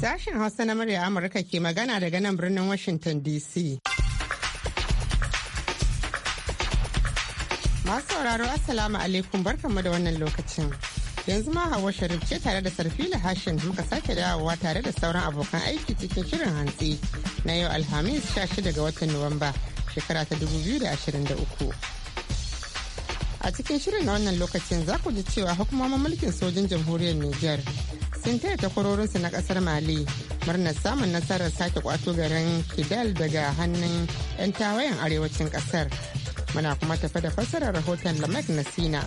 Sashen Hausa na murya Amurka ke magana daga nan birnin Washington DC. Masu sauraro Assalamu alaikum barkanmu da wannan lokacin. Yanzu ma Hauwa Sharif ce tare da Sarfila Hashin muka sake dawowa tare da sauran abokan aiki cikin shirin hantsi na yau Alhamis 16 ga watan Nuwamba shekara ta dubu biyu da da ashirin uku. a cikin shirin na wannan lokacin za ku ji cewa hukumomin mulkin sojin jamhuriyar Nijar sun taya takwarorinsu na kasar mali murnar samun nasarar sake kwato garin kidal daga hannun 'yan tawayen arewacin kasar muna kuma tafi da fassarar rahoton lamek na sina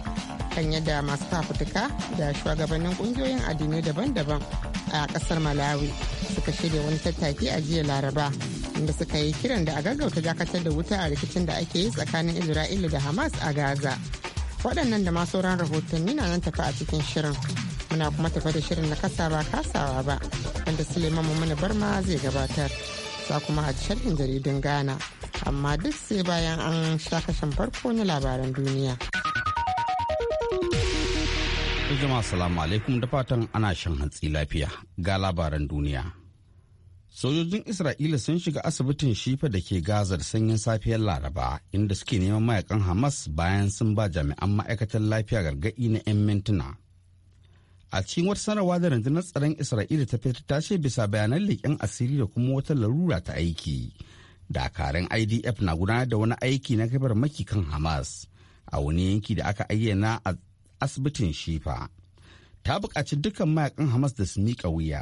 kan yadda masu fafutuka da shugabannin kungiyoyin addinai daban-daban a kasar malawi suka shirya wani tattaki a jiya laraba inda suka yi kiran da a gaggauta dakatar da wuta a rikicin da ake yi tsakanin isra'ila da hamas a gaza waɗannan da masu sauran rahotanni na nan tafi a cikin shirin muna kuma tafa da shirin na kasa ba kasawa ba wanda suleiman mana barma zai gabatar za kuma a sharhin jaridun ghana amma duk sai bayan an sha kashin farko na labaran duniya jama'a salamu alaikum da fatan ana shan hantsi lafiya ga labaran duniya sojojin isra'ila sun shiga asibitin shifa da ke gazar sanyin safiyar laraba inda suke neman mayakan hamas bayan sun ba jami'an ma'aikatar lafiya gargaɗi na 'yan mintuna a cikin wata sanarwa da rundunar tsaron isra'ila ta fitar ta ce bisa bayanan leƙen asiri da kuma wata larura ta aiki dakarun idf na gudanar da wani aiki na kafar maki kan hamas a wani yanki da aka ayyana a asibitin shifa ta buƙaci dukkan mayakan hamas da su miƙa wuya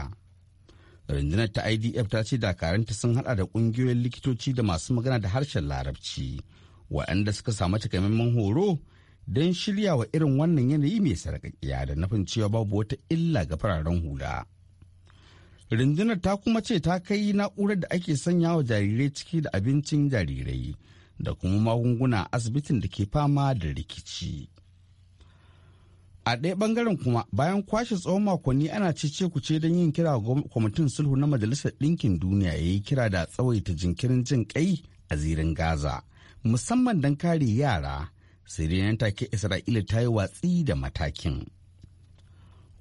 rundunar ta idf ta ce dakaranta sun hada da ƙungiyoyin likitoci da masu magana da harshen larabci waɗanda suka samu takamaiman horo don shirya wa irin wannan yanayi mai sarƙaƙiya da nufin cewa babu wata illa ga fararen hula. Rundunar ta kuma ce ta kai na'urar da ake sanya wa jarirai ciki da abincin jarirai da kuma magunguna asibitin da ke fama da rikici. A ɗaya ɓangaren kuma bayan kwashe tsawon makonni ana cece ce don yin kira ga kwamitin sulhu na Majalisar Ɗinkin Duniya ya yi kira da tsawaita jinkirin jin kai a zirin Gaza, musamman don kare yara sai take isra'ila ta yi watsi da matakin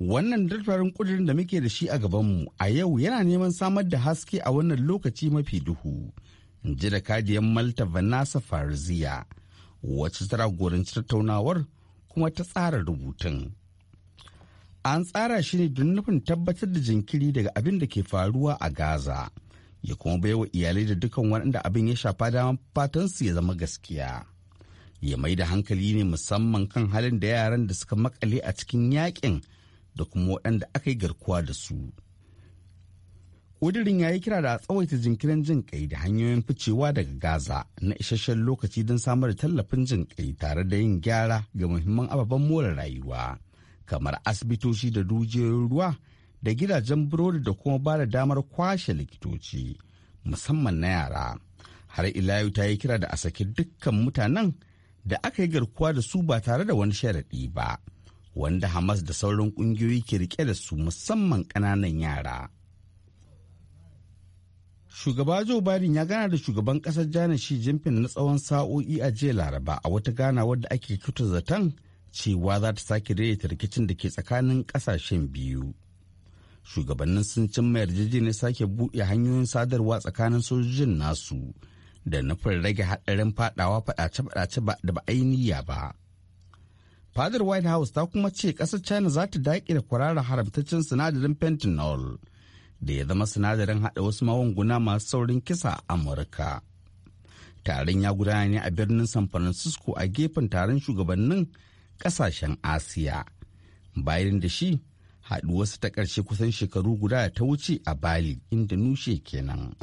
wannan daftarin kudirin da muke da shi a gabanmu a yau yana neman samar da haske a wannan lokaci mafi duhu ji da kadiyar malta vanessa farziya wacce ta jagoranci tattaunawar kuma ta tsara rubutun an tsara shi ne don nufin tabbatar da jinkiri daga abin da ke faruwa a gaza ya kuma baiwa iyalai da dukan waɗanda abin ya shafa damar fatan su ya zama gaskiya ya mai da hankali ne musamman kan halin da yaran da suka makale a cikin yakin da kuma waɗanda aka yi garkuwa da su. ƙudirin ya yi kira da tsawaita jinkirin jin ƙai da hanyoyin ficewa daga gaza na isasshen lokaci don samar da tallafin jin ƙai tare da yin gyara ga muhimman ababen more rayuwa kamar asibitoci da dujiyoyin ruwa da gidajen burodi da kuma ba da damar kwashe likitoci musamman na yara har ila ta yi kira da a saki dukkan mutanen da aka yi garkuwa da su ba tare da wani sharaɗi ba wanda hamas da sauran ƙungiyoyi ke rike da su musamman ƙananan yara shugaba joe biden ya gana da shugaban ƙasar jana shi jinfin na tsawon sa'o'i a jiya laraba a wata gana wadda ake kyautar zaton cewa za ta sake daidaita rikicin da ke tsakanin ƙasashen biyu shugabannin sun cimma yarjejeniyar sake buɗe hanyoyin sadarwa tsakanin sojojin nasu da nufin rage haɗarin faɗawa faɗace-faɗace da ba ainiya ba. Fadar White House ta kuma ce ƙasar China za ta daƙi da kwararra haramtaccen sinadarin fentanyl da ya zama sinadarin haɗa wasu magunguna masu saurin kisa a Amurka. Taron ya gudana ne a birnin San Francisco a gefen taron shugabannin ƙasashen Asiya. Bayan da shi haɗu wasu ta ƙarshe kusan shekaru guda ta wuce a Bali, inda nushe kenan.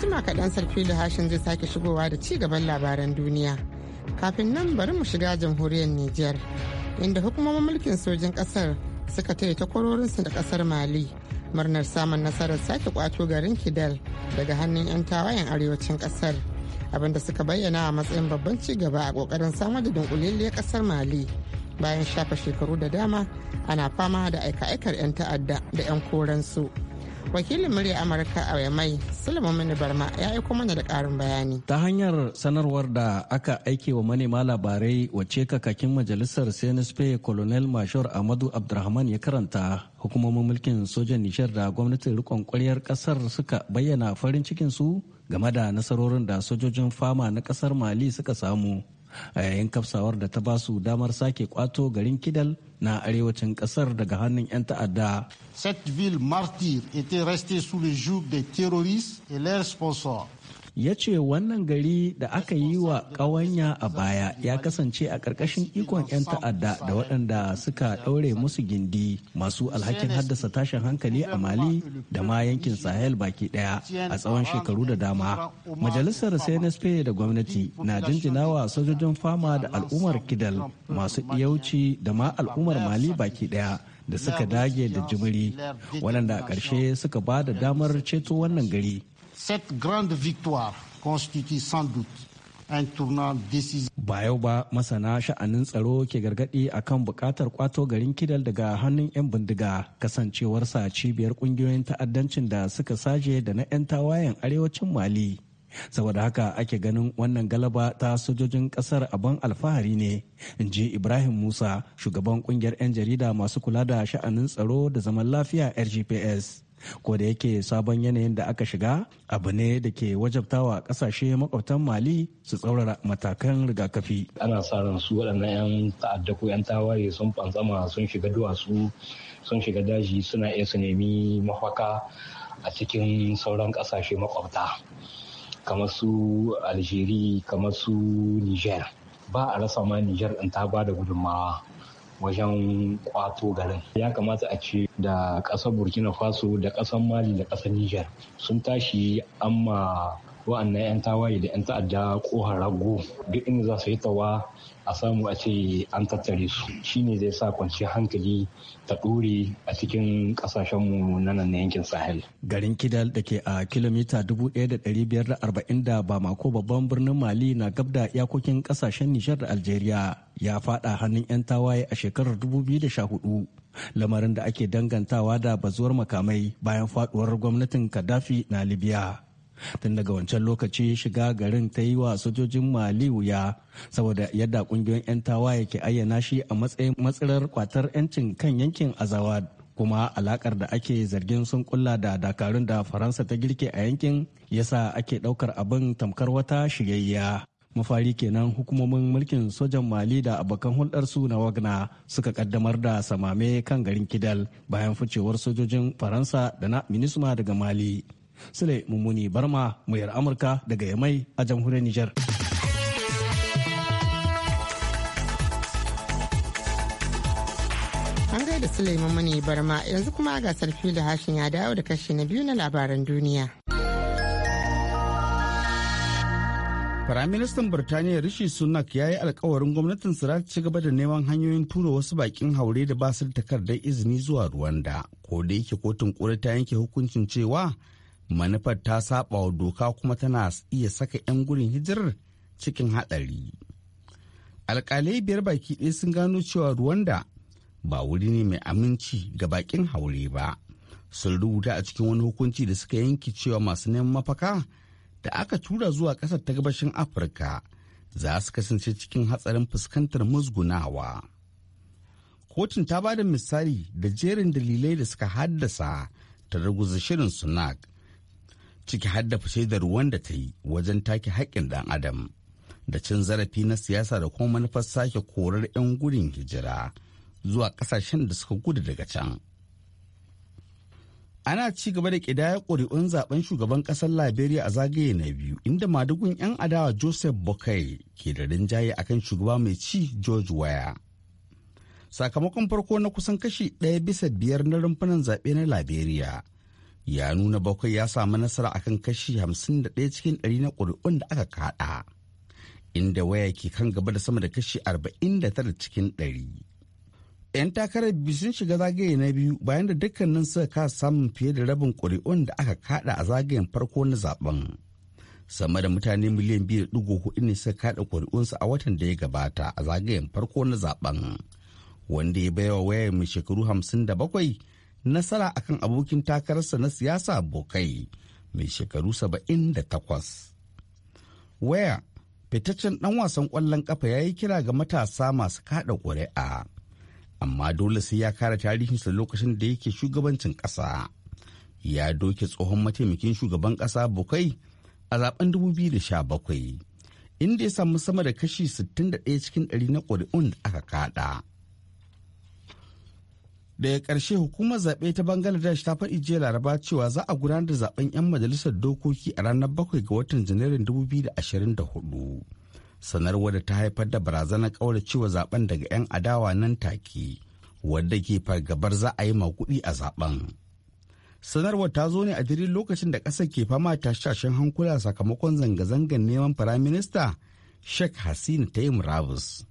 jima kaɗan sarfi da hashin zai sake shigowa da ci gaban labaran duniya kafin nan bari mu shiga jamhuriyar niger inda hukumomin mulkin sojin ƙasar suka taya takwarorinsu da ƙasar mali murnar samun nasarar sake kwato garin kidal daga hannun 'yan tawayen arewacin ƙasar abinda suka bayyana a matsayin babban ci gaba a ƙoƙarin samar da dunkulalliyar ƙasar mali bayan shafa shekaru da dama ana fama da aika-aikar 'yan ta'adda da 'yan koransu wakilin murya amurka a yamai sulaiman mini barma ya yi mana da karin bayani ta hanyar sanarwar da aka aike wa manema labarai wacce kakakin majalisar cnsp colonel mashor amadu abdurrahman ya karanta hukumomin mulkin sojan nishar da gwamnatin rikon kwaryar kasar suka bayyana farin cikin su game da nasarorin da sojojin fama na kasar mali suka samu a yayin kafsawar da ta basu damar sake kwato garin kidal na arewacin kasar daga hannun 'yan ta'adda. Cette ville martyre était restée sous le joug des terroristes et leurs sponsors. ya ce wannan gari da aka yi wa ƙawanya a baya ya kasance a ƙarƙashin ikon 'yan ta'adda da waɗanda suka ɗaure musu gindi masu alhakin haddasa tashin hankali a mali da ma yankin sahel baki ɗaya a tsawon shekaru da dama majalisar cnsp da gwamnati na jinjinawa sojojin fama da al'ummar kidal masu ɗiyauci da ma al'ummar mali baki ɗaya da suka dage da jimiri waɗanda a ƙarshe suka ba da damar ceto wannan gari Cette grande victoire constitue sans doute un tournant décisif. Ba yau ba masana sha'anin tsaro ke gargaɗi kan bukatar kwato garin Kidal daga hannun 'yan bindiga kasancewarsa cibiyar ƙungiyoyin ta'addancin da suka saje da na 'yan tawayen arewacin Mali. saboda haka ake ganin wannan galaba ta sojojin kasar abin alfahari ne in ji ibrahim musa shugaban kungiyar 'yan jarida masu kula da sha'anin tsaro da zaman lafiya rgps ko da yake sabon yanayin da aka shiga abu ne da ke wajabtawa kasashe makwabtan mali su tsaurara matakan rigakafi ana sa ran su waɗannan 'yan ta'adda ko 'yan tawaye sun fanzama sun shiga duwatsu sun shiga daji suna iya su nemi mafaka a cikin sauran kasashe makwabta kamar su algeria kamar su niger ba a rasa ma niger ɗin ta ba da gudunmawa wajen kwato garin ya kamata a ce da ƙasar burkina faso da ƙasar mali da ƙasar niger sun tashi amma wa'annan 'yan tawaye da 'yan ta'adda kohar rago duk inda za su yi tawa a samu a ce an tattare su shine zai sa kwanciya hankali ta ɗore a cikin ƙasashenmu na nan yankin sahel garin kidal da ke a kilomita 1540 da bamako babban birnin mali na gabda da iyakokin ƙasashen nishar da algeria ya faɗa hannun 'yan tawaye a shekarar 2014 lamarin da ake dangantawa da bazuwar makamai bayan faduwar gwamnatin kadafi na libya tun daga wancan lokaci shiga garin ta yi wa sojojin mali wuya saboda yadda kungiyoyin 'yan tawaye ke ayyana shi a matsayin matsirar kwatar 'yancin kan yankin azawad kuma alakar da ake zargin sun kulla da dakarun da faransa ta girke a yankin yasa ake daukar abin tamkar wata shigayya mafari kenan hukumomin mulkin sojan mali da abokan hulɗarsu na wagna suka kaddamar da samame kan garin kidal bayan ficewar sojojin faransa da na minisma daga mali Sule Mummuni Barma, muyar Amurka daga Yamai a jamhuriyar Nijar. An gaida Sule Mummuni Barma yanzu kuma ga sarfi da hashin ya dawo da kashi na biyu na labaran duniya. Firaministan Birtaniya Rishi Sunak ya yi alkawarin gwamnatin za ta ci gaba da neman hanyoyin tura wasu bakin haure da ba su da takardar izini zuwa Rwanda, ko da yake kotun kura ta yanke hukuncin cewa manufar ta saba wa doka kuma tana iya saka 'yan gurin hijirar cikin haɗari. alƙalai biyar baki ɗaya sun gano cewa ruwanda ba wuri ne mai aminci ga bakin haure ba sun rubuta a cikin wani hukunci da suka yanke cewa masu neman mafaka da aka tura zuwa ƙasar ta gabashin afirka za su kasance cikin hatsarin fuskantar musgunawa kotun ta ba da misali da jerin dalilai da suka haddasa ta ruguza shirin sunak ciki har da shaidar wanda ta yi wajen take haƙƙin ɗan adam da cin zarafi na siyasa da kuma manufar sake korar 'yan gudun hijira zuwa ƙasashen da suka gudu daga can. Ana ci gaba da ƙidaya ƙuri'un zaben shugaban ƙasar Liberia a zagaye na biyu inda madugun 'yan adawa Joseph Bokai ke da rinjaye akan shugaba mai ci George Waya. Sakamakon farko na kusan kashi ɗaya bisa biyar na rumfunan zaɓe na Liberia ya nuna bakwai ya samu nasara akan kashi 51 cikin 100 na ƙuri'un da aka kada inda waya ke kan gaba da sama da kashi 49 cikin 100 'yan takarar biyu sun shiga zagaye na biyu bayan da dukkanin suka kasa samun fiye da rabin ƙuri'un da aka kada a zagayen farko na zaben sama da mutane miliyan biyu da hudu ne suka kada ƙuri'unsu a watan da ya gabata a zagayen farko na zaben wanda ya baiwa wayar mai shekaru hamsin da bakwai nasara akan abokin takararsa na siyasa bokai mai shekaru 78 waya fitaccen ɗan wasan ƙwallon ƙafa ya yi kira ga matasa masu kaɗa ƙuri'a amma dole sai ya kara tarihinsa lokacin da yake shugabancin ƙasa ya doke tsohon mataimakin shugaban ƙasa bukai a zaben 2017 inda ya samu sama da kashi 61 cikin 100 na ƙuri'un da aka kaɗa. daga ƙarshe hukumar zaɓe ta bangladesh ta faɗi jiya laraba cewa za a gudanar da zaɓen 'yan majalisar dokoki a ranar 7 ga watan janairun 2024 sanarwar da ta haifar da barazanar ƙaura cewa zaben daga 'yan adawa nan take wadda ke fargabar za a yi makuɗi a zaben sanarwar ta zo ne a dare lokacin da ƙasar ke fama tashashen hankula sakamakon zanga-zangar neman firaminista sheikh hasina ta yi murabus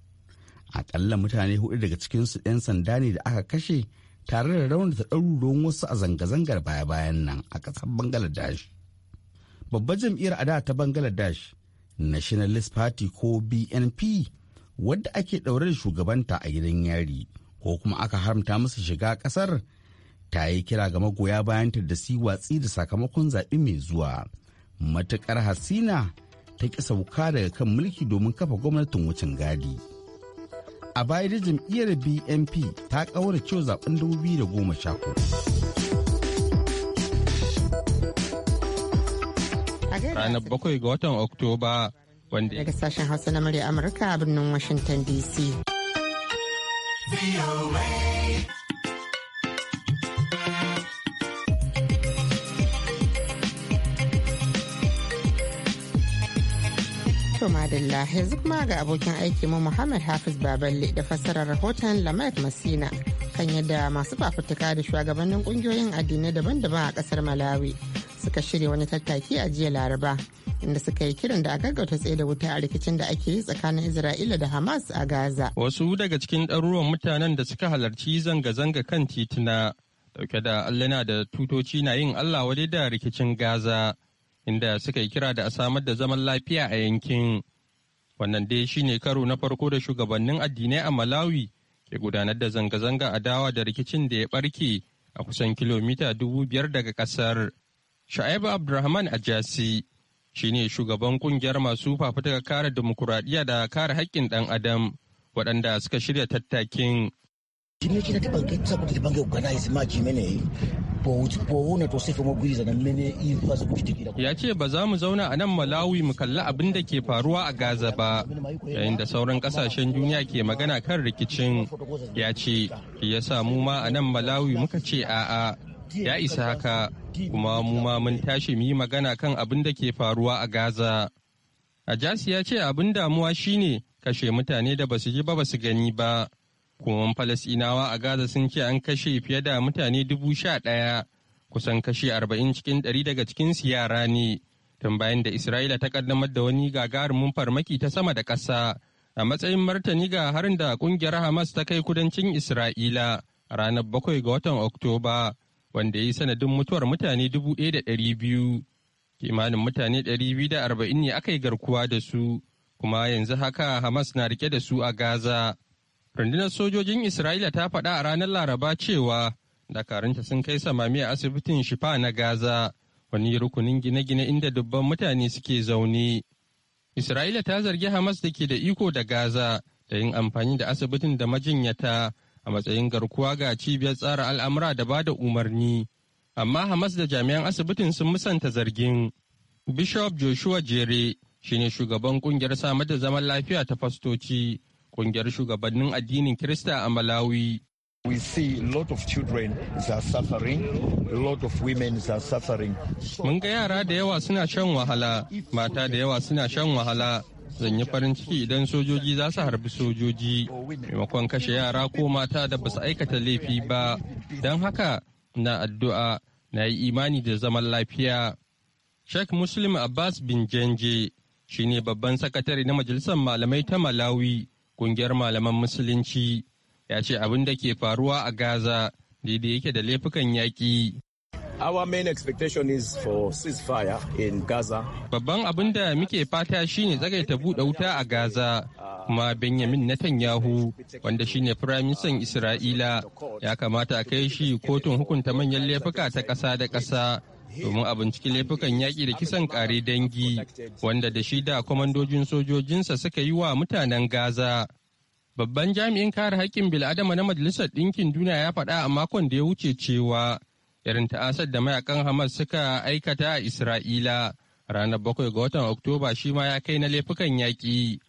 akalla mutane hudu daga cikinsu 'yan sanda ne da aka kashe tare da da ɗaruruwan wasu a zanga-zangar baya-bayan nan a ƙasar bangladesh babbar jam'iyyar ada ta bangladesh nationalist party ko bnp wadda ake ɗaure da shugabanta a gidan yari ko kuma aka haramta musu shiga ƙasar ta yi kira ga magoya bayanta da su watsi da sakamakon zaɓe mai zuwa matuƙar hasina ta ƙi sauka daga kan mulki domin kafa gwamnatin wucin gadi. a baya da jam'iyyar bnp ta kawara cewa zaben 2014 ranar bakwai ga watan oktoba wanda daga sashen hausa na murya amurka a birnin washington dc madalla yanzu ma ga abokin aiki mu Muhammad Hafiz Baballe da fassarar rahoton Lamar Masina kan yadda masu fafutuka da shugabannin kungiyoyin addinai daban-daban a kasar Malawi suka shirya wani tattaki a jiya Laraba inda suka yi kiran da a gaggauta tsaye da wuta a rikicin da ake yi tsakanin Isra'ila da Hamas a Gaza. Wasu daga cikin ɗaruruwan mutanen da suka halarci zanga-zanga kan tituna dauke da allana da tutoci na yin Allah wadai da rikicin Gaza. inda suka yi kira da a samar da zaman lafiya a yankin. Wannan dai shine karo na farko da shugabannin addinai a Malawi ke gudanar da zanga-zanga a dawa da rikicin da ya barke a kusan kilomita dubu biyar daga kasar. Sha'ibu Abdulrahman Ajasi shine shugaban kungiyar masu fafutuka kare demokuraɗiyya da kare haƙƙin ɗan adam waɗanda suka shirya tattakin kimwe kinatibange organize e. na mene e ya ce ba za mu zauna a nan malawi mu kalli abin da ke faruwa a gaza ba yayin da sauran kasashen duniya ke magana kan rikicin ya ce ya sa mu ma a nan malawi muka ce a'a ya isa haka kuma mu ma mun tashi mu yi magana kan abin da ke faruwa a gaza ajasi ya ce abin damuwa shine kashe mutane da basu ji ba basu gani ba Hukumomin Falasɗinawa a Gaza sun ce an kashe fiye da mutane dubu sha ɗaya, kusan kashe arba'in cikin ɗari daga cikinsu yara ne, tun bayan da Isra'ila ta ƙaddamar da wani gagarumin farmaki ta sama da ƙasa a matsayin martani ga harin da ƙungiyar Hamas ta kai kudancin Isra'ila a ranar bakwai ga watan Oktoba, wanda ya yi sanadin mutuwar mutane dubu ɗaya da ɗari biyu. Kimanin mutane ɗari biyu da arba'in ne aka yi garkuwa da su, kuma yanzu haka Hamas na rike da su a Gaza. rundunar sojojin isra'ila ta faɗa a ranar laraba cewa dakarunta sun kai samami a asibitin shifa na gaza wani rukunin gine-gine inda dubban mutane suke zaune isra'ila ta zargi hamas da ke da iko da gaza da yin amfani da asibitin da majinyata a matsayin garkuwa ga cibiyar tsara al'amura da ba da umarni amma hamas da jami'an asibitin sun musanta zargin bishop joshua jere shine shugaban kungiyar samar da zaman lafiya ta fastoci kungiyar shugabannin addinin Kirista a Malawi. We see a lot of children are suffering, a lot of women are suffering. Mun ga yara da yawa suna shan wahala, mata da yawa suna shan wahala. Zan yi farin ciki idan sojoji za su harbi sojoji, maimakon kashe yara ko mata da ba su aikata laifi ba. Don haka, na addu'a na yi imani da zaman lafiya. Sheikh Muslim Abbas bin Jenje shi ne babban sakatare na Majalisar Malamai ta Malawi. kungiyar malaman musulunci ya ce abin da ke faruwa a gaza daidai yake da laifukan yaƙi Our main expectation is for ceasefire in Gaza. Babban abin da muke fata shine tsagaita buɗe wuta a Gaza, kuma Benjamin Netanyahu, wanda shine firaministan Isra'ila, ya kamata a kai shi kotun hukunta manyan laifuka ta ƙasa da ƙasa domin a binciki laifukan yaƙi da kisan ƙare dangi wanda da shi da kwamandojin sojojinsa suka yi wa mutanen Gaza. Babban jami'in kare haƙƙin bil'adama na Majalisar Ɗinkin Duniya ya faɗa a makon da ya wuce cewa irin ta'asar da mayakan Hamas suka aikata a Isra'ila ranar bakwai ga watan Oktoba shi ma ya kai na laifukan yaƙi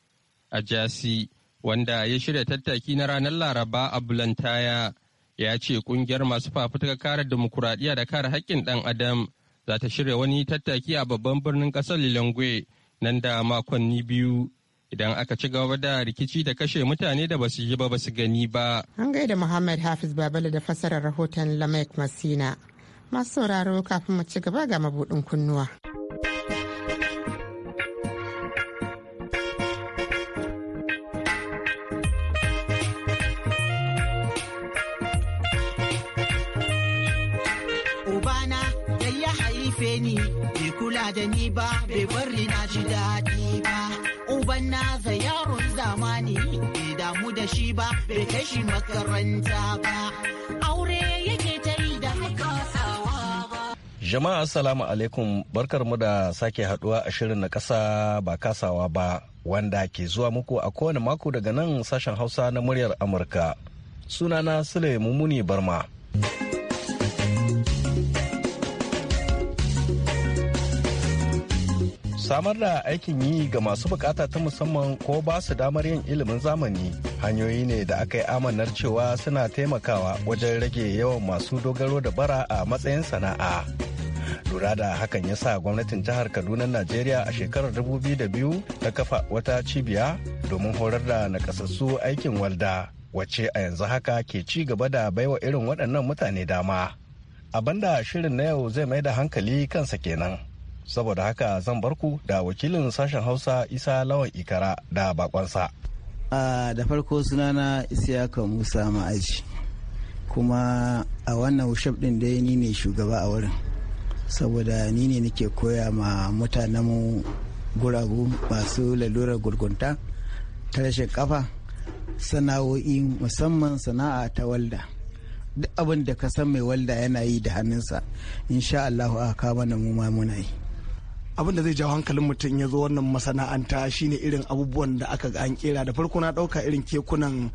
a Jasi wanda ya shirya tattaki na ranar Laraba a Bulantaya. ya ce kungiyar masu fafutukar kare dimokuraɗiyya da kare haƙƙin ɗan adam za ta shirya wani tattaki a babban birnin ƙasar lilongwe nan da makonni biyu idan aka ci gaba da rikici da kashe mutane da basu yi ba basu gani ba. An gaida Muhammad Hafiz Babala da fassarar rahoton Lamek Masina. Masu sauraro kafin mu ci gaba ga mabuɗin kunnuwa. ni bai kula da ni ba bai bari na ji daɗi ba uban za yaron zamani bai damu da shi ba bai kai shi makaranta ba aure yake ta yi da kasawa ba jama'a assalamu alaikum barkar mu da sake haduwa a shirin na kasa ba kasawa ba wanda ke zuwa muku a kowane mako daga nan sashen hausa na muryar amurka sunana sule mummuni barma samar da aikin yi ga masu bukata ta musamman ko ba su damar yin ilimin zamani hanyoyi ne da aka yi amanar cewa suna taimakawa wajen rage yawan masu dogaro da bara a matsayin sana'a lura da hakan ya sa gwamnatin jihar kaduna najeriya a shekarar 2002 ta kafa wata cibiya domin horar da nakasassu aikin walda wacce a yanzu haka ke ci gaba da baiwa irin waɗannan mutane dama abinda shirin na yau zai mai da hankali kansa kenan saboda haka zan barku da wakilin sashen hausa isa lawan ikara da bakonsa da farko sunana isiyaka musa ma'aji kuma a wannan workshop din dai ni ne shugaba a wurin saboda ni ne nake koya ma mutanenmu guragu masu lalurar gurgunta ta rashin kafa sana'o'i musamman sana'a ta walda duk abin da ka san mai walda yana yi da hannunsa insha Allahu aka kama na mu ma muna yi abin da zai jawo hankalin mutum ya zo wannan masana'anta shine irin abubuwan da aka ga an kera da farko na dauka irin kekunan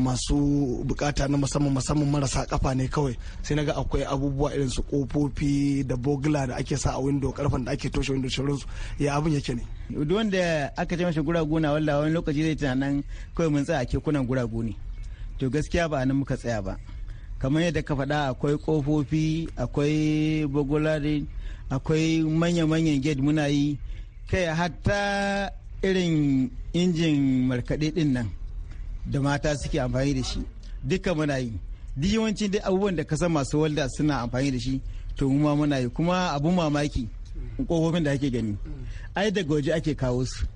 masu bukata na musamman musamman marasa kafa ne kawai sai naga akwai abubuwa irin su kofofi da bogla da ake sa a window karfan da ake toshe window shirin ya abin yake ne duk wanda aka ce mashi guragu na walla wani lokaci zai nan kawai mun tsaya kekunan guragu ne to gaskiya ba nan muka tsaya ba kamar yadda ka faɗa akwai ƙofofi akwai bagulari akwai manya-manyan gate muna yi kai hatta irin injin markaɗe ɗin nan da mata suke amfani da shi duka muna yi duk yawanci dai abubuwan da kasa masu walda suna amfani da shi to mu ma muna yi kuma abu mamaki kofofin da ake gani ai daga waje ake kawo su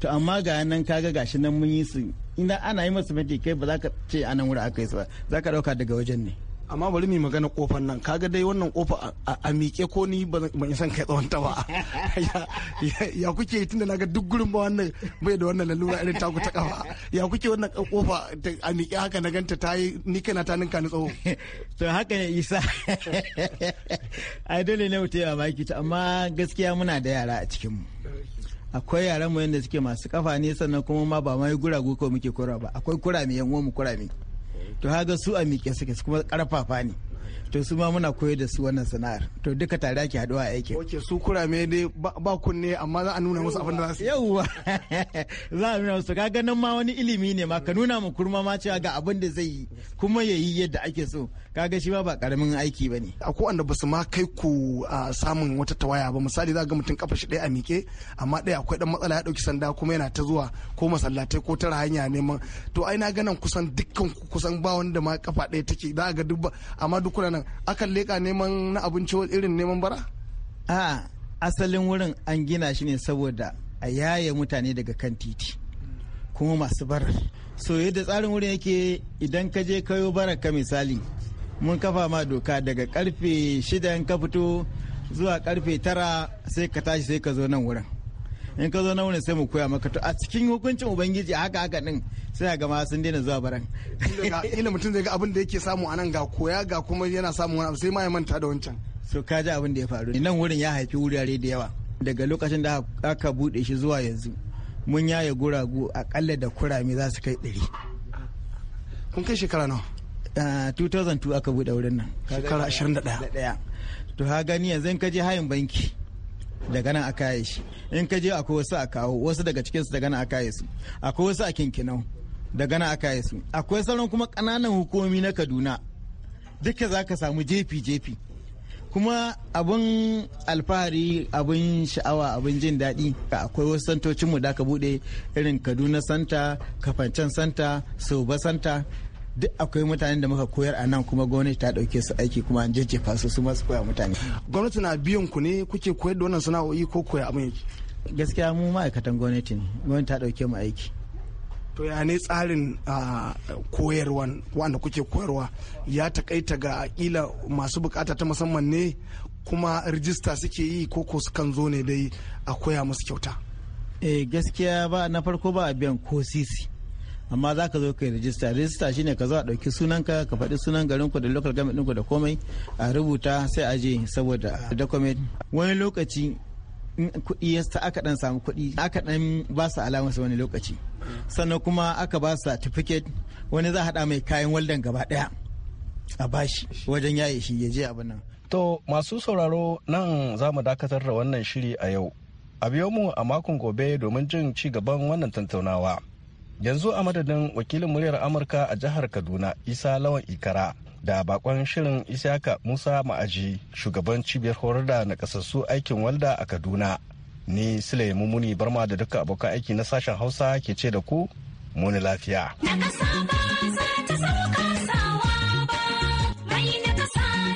to amma ga nan kaga gashi nan mun yi su ina ana yi masu mati kai ba za ka ce anan wuri aka yi ba za ka dauka daga wajen ne amma bari mu magana kofar nan kaga dai wannan kofa a miƙe ko ni ban san kai tsawon ta ba ya kuke yi tunda naga duk gurin ba wannan bai da wannan lalura irin taku ta kafa ya kuke wannan kofa a miƙe haka na ganta ta yi ni kana ta ninka ni tsawo to haka ne isa ai dole ne mu ya maki ta amma gaskiya muna da yara a cikin mu akwai yaran mu yanda suke masu kafa ne sannan kuma ma ba mai guragu ko muke kura ba akwai kurame yan mu kurame to haga su a miƙe suke kuma karfafa ne to su ma muna koyar da su wannan sana'ar to duka tare ake haduwa a aikin ok su kurame ne ba kunne amma za a nuna musu abin da za su yauwa za a nuna musu kaga nan ma wani ilimi ne ma ka nuna mu kurma ma cewa ga abin da zai yi kuma ya yi yadda ake so kaga shi ma ba karamin aiki bane akwai wanda su ma kai ku samun wata tawaya ba misali za ga mutum kafa shi ɗaya a miƙe amma ɗaya akwai dan matsala ya ɗauki sanda kuma yana ta zuwa ko masallatai ko tara hanya neman to ai na ganin kusan dukkan kusan ba wanda ma kafa ɗaya take za a ga duk amma duk kuna nan akan leƙa neman na abinci irin neman bara? a asalin wurin an gina shi ne saboda a yaye mutane daga kan titi kuma masu bara so yadda tsarin wurin yake idan ka je kayo bara ka misali mun kafa ma doka daga karfe shida ka fito zuwa karfe tara sai ka tashi sai ka zo nan wurin in ka zo na wurin sai mu koya maka to a cikin hukuncin ubangiji haka haka din sai ga ma sun daina zuwa baran ina mutum zai ga abin da yake samu anan ga koya ga kuma yana samu wani abu sai ma ya manta da wancan so ka ji abin da ya faru nan wurin ya haifi wurare da yawa daga lokacin da aka bude shi zuwa yanzu mun yaye guragu akalla da kurame za su kai ɗari kun kai shekara nawa 2002 ah, aka bude wurin nan shekara 21 to ha gani yanzu in ka je hayin banki daga nan aka yi shi in ka je akwai wasu a kawo wasu daga cikinsu daga nan aka yi su akwai wasu a kinkinau daga nan aka yi su akwai sauran kuma ƙananan hukumomi na kaduna duka za ka samu jefi jefi kuma abin alfahari abin sha'awa abin jin daɗi akwai wasu santocinmu da aka buɗe irin kaduna santa kafancan santa soba santa duk akwai mutanen da muka koyar a nan kuma gwamnati ta dauke su aiki kuma an jajjefa su su masu koya mutane gwamnati na biyan ku ne kuke koyar da wannan sana'o'i ko koya abin yake gaskiya mu ma'aikatan gwamnati ne gwamnati ta dauke mu aiki to ya ne tsarin koyarwan wanda kuke koyarwa ya takaita ga kila masu bukata ta musamman ne kuma rijista suke yi ko ko sukan zo ne dai a koya musu kyauta eh gaskiya ba na farko ba a biyan ko sisi amma za ka zo kai rijista rijista shine ka zo a ɗauki sunanka ka faɗi sunan garin ku da local government ɗinku da komai a rubuta sai a je saboda document wani lokaci kuɗi ya sa aka ɗan samu kuɗi aka ɗan ba su alamarsa wani lokaci sannan kuma aka ba su certificate wani za a haɗa mai kayan waldan gaba ɗaya a bashi wajen yaye shi ya je abin nan. to masu sauraro nan za mu dakatar da wannan shiri a yau a biyo mu a makon gobe domin jin ci gaban wannan tattaunawa. yanzu a madadin wakilin muryar amurka a jihar kaduna isa lawan ikara da bakon shirin isaka musa ma'aji shugaban cibiyar horar da nakasassu aikin walda a kaduna ni sule mumuni barma da duka abokan aiki na sashen hausa ke ce da ku muni lafiya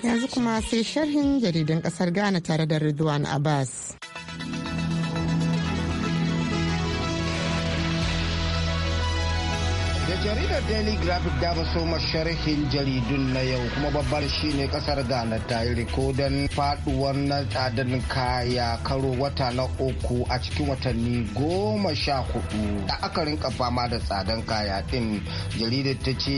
yanzu kuma sai sharhin jaridan kasar ghana tare da ridwan abbas jaridar daily graphic da ba so sharhin jaridun na yau kuma babbar shi ne kasar ghana ta yi rikodon faduwar na tsadan kaya karo wata na uku a cikin watanni goma sha hudu da aka rinka fama da tsadan kaya din jaridar ta ce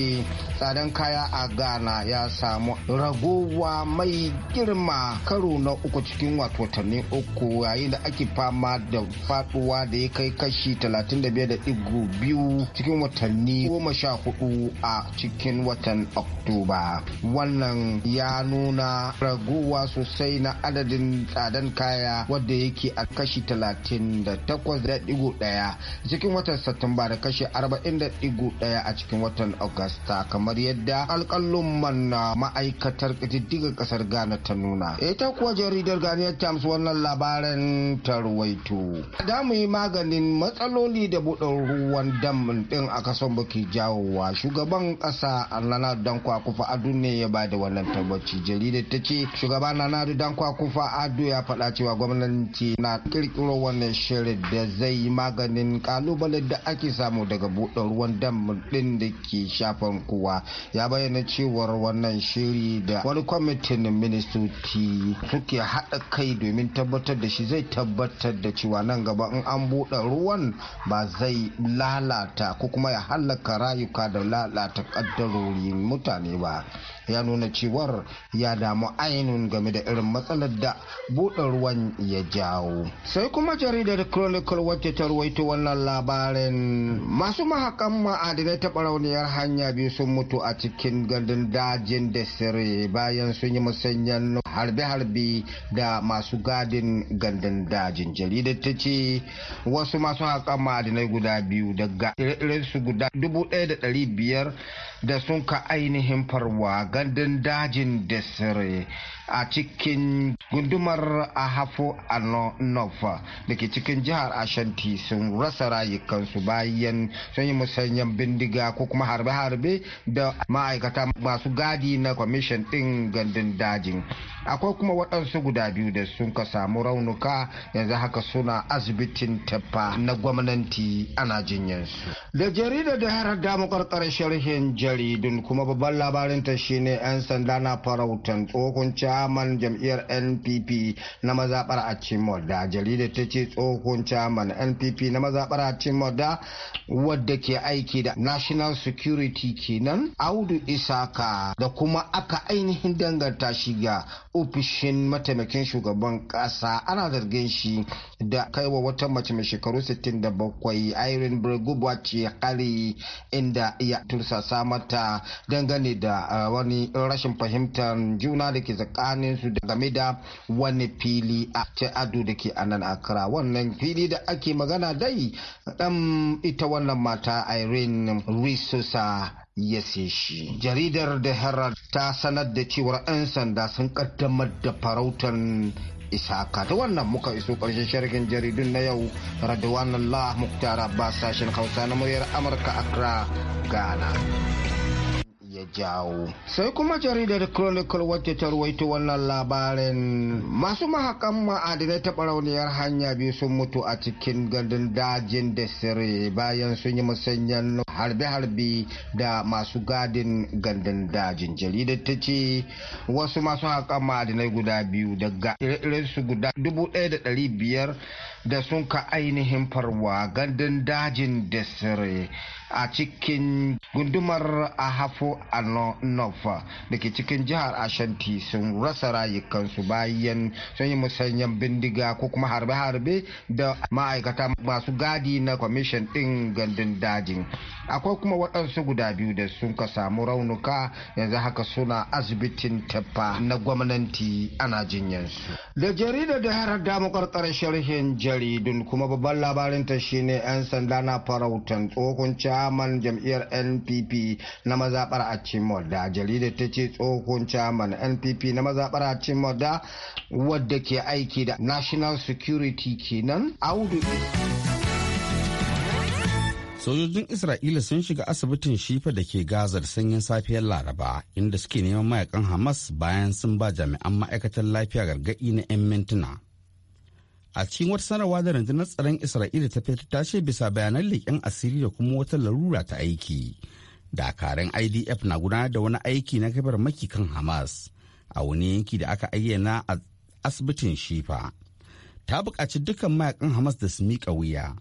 tsadan kaya a ghana ya samu ragowa mai girma karo na uku cikin watanni uku yayin da ake fama da faduwa da ya kai kashi 35.2 cikin watanni goma sha hudu a cikin watan oktoba wannan ya nuna raguwa sosai na adadin tsadan kaya wadda yake a kashi talatin da takwas da digo daya cikin watan satumba da kashi arba'in da digo daya a cikin watan agusta kamar yadda alƙalumman ma'aikatar ƙididdigar ƙasar ghana ta nuna ita kuwa jaridar ganiyar times wannan labarin ta ruwaito da mu yi maganin matsaloli da buɗe ruwan dam ɗin a kason baki ke jawowa shugaban ƙasa nana don kwakufa ado ne ya ba da wannan tabbaci jaridar ta ce shugaba nana don kwakufa ado ya faɗa cewa gwamnati na kirkiro wannan shirin da zai yi maganin kalubalen da ake samu daga buɗe ruwan dam ɗin da ke shafan kowa ya bayyana cewar wannan shiri da wani kwamitin ministoci suke haɗa kai domin tabbatar da shi zai tabbatar da cewa nan gaba in an buɗe ruwan ba zai lalata ko kuma ya halaka rayuka da lalata kaddarori mutane ba ya nuna cewar ya damu ainihin game da irin matsalar da buɗe ruwan ya jawo sai kuma jaridar chronicle wacce ta ruwaito wannan labarin masu mahakan ma'adinai ta barauniyar hanya biyu sun mutu a cikin gandun dajin da sire bayan sun yi musanyen harbe-harbe da masu gadin gandun dajin jaridar ta ce wasu masu hakan ma'adinai guda biyu daga ire guda 1,500 da sun ka ainihin farwa gandun dajin desire a cikin gundumar ahafo nova da ke cikin jihar ashanti sun rasa rayukansu bayan sun yi musanyen bindiga ko kuma harbe-harbe da ma'aikata masu gadi na kwamishin ɗin gandun dajin akwai kuma waɗansu guda biyu da sun ka samu raunuka yanzu haka suna asibitin tafa na gwamnati ana jinyansu da jarida da harar damu karkar sharhin jaridun kuma babban labarin ta shine 'yan sanda na farautan tsohon ca. chairman jam'iyyar npp na mazaɓar a cimoda jaridar ta ce tsohon caman npp na mazaɓar a da wadda ke aiki da national security kenan audu isaka da kuma aka ainihin danganta shiga ofishin mataimakin shugaban kasa ana zargin shi da kaiwa wata mace mai shekaru 67 irin breguba ce kari inda ya tursasa mata dangane da wani rashin fahimtar juna da ke tsakanin su game da wani fili a ado da ke a nan wannan fili da ake magana dai ita wannan mata irene risosa ya shi. Jaridar da Herald ta sanar da cewar 'yan sanda sun kaddamar da farautar isaka ta wannan muka iso ƙarshen sharhin jaridun na yau radwan allah muktar abbas sashen hausa na muryar amurka accra ghana ya jawo sai kuma jaridar chronicle wacce ta ruwaito wannan labarin masu mahakan ma'adinai ta barauniyar hanya biyu sun mutu a cikin gandun dajin da sire bayan sun yi musanyen harbe-harbe da masu gadin gandun dajin jaridar ta ce wasu masu hakan ma'adinai guda biyu daga ire-irensu guda 1500 da sun ka ainihin farwa gandun dajin desire a cikin gundumar a anofa da ke cikin jihar ashanti sun rasa rayukansu bayan sun yi musanyen bindiga ko kuma harbe-harbe da ma'aikata masu gadi na kwamishin ɗin gandun dajin akwai kuma waɗansu guda biyu da sun ka samu raunuka yanzu haka suna asibitin tafa na gwamnati ana jinyansu da jaridar da harar damu ƙarƙar sharhin jaridun kuma babban labarinta shine 'yan sanda na farautan tsohon caman jam'iyyar npp na mazabar a cimoda jaridar ta ce tsohon caman npp na mazabar a cimoda wadda ke aiki da national security kenan audu sojojin isra'ila sun shiga asibitin shifa da ke gaza da sanyin safiyar laraba inda suke neman mayakan hamas bayan sun ba jami'an ma'aikatar lafiya gargaɗi na 'yan mintuna a cikin wata sanarwa da rundunar tsaron isra'ila ta fitar ta ce bisa bayanan leƙen asiri da kuma wata larura ta aiki dakarun idf na gudanar da wani aiki na gabar maki kan hamas a wani yanki da aka ayyana a asibitin shifa ta buƙaci dukkan mayakan hamas da su miƙa wuya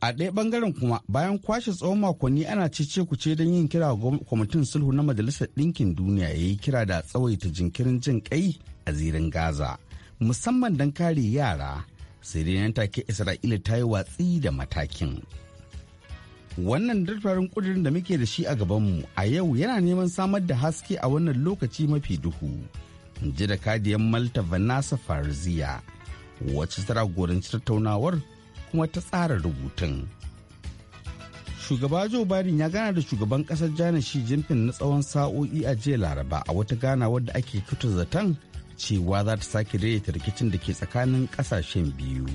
a ɗaya bangaren kuma bayan kwashe tsawon makonni ana cece ce don yin kira ga kwamitin sulhu na majalisar ɗinkin duniya ya yi kira da tsawaita jinkirin jin kai a zirin gaza musamman don kare yara sai dai nan take isra'ila ta yi watsi da matakin wannan darfarin kudirin da muke da shi a gabanmu a yau yana neman samar da haske a wannan lokaci mafi duhu ji da kadiyan malta vanessa farziya wacce ta jagoranci tattaunawar kuma ta tsara rubutun shugaba joe biden ya gana da shugaban kasar jana shi jinfin na tsawon sa'o'i a jiya laraba a wata ganawar da ake fito zaton cewa za ta sake daidaita rikicin da ke tsakanin kasashen biyu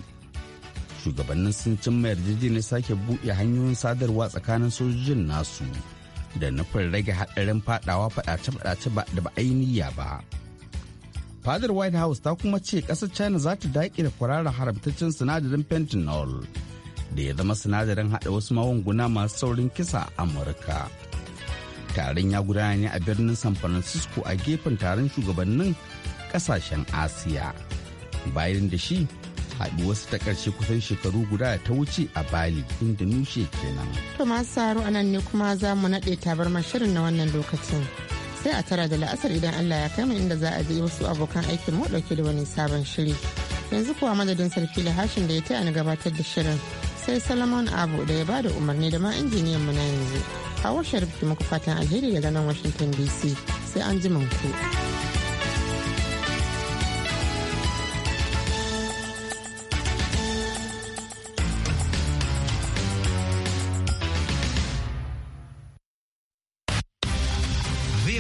shugabannin sun cimma yarjejeniyar sake buɗe hanyoyin sadarwa tsakanin sojojin nasu da nufin rage haɗarin fadawa faɗace-faɗace da ba ba fadar white house ta kuma ce ƙasar china za ta daƙi da kwararar haramtaccen sinadarin fentanyl da ya zama sinadarin haɗa wasu magunguna masu saurin kisa a amurka taron ya gudana ne a birnin san francisco a gefen taron shugabannin kasashen asiya bayan da shi haɗu wasu ta ƙarshe kusan shekaru guda ta wuce a bali inda nushe kenan. to masu saro anan ne kuma za mu naɗe tabar shirin na wannan lokacin sai a tara da la'asar idan allah ya kai mu inda za a je wasu abokan aikin mu ɗauke da wani sabon shiri yanzu kuwa madadin sarki da hashin da ya taya ni gabatar da shirin sai salomon abu da ya bada umarni da ma injiniyan mu na yanzu a washe rubuta muku fatan alheri daga nan washington dc sai an ji ku.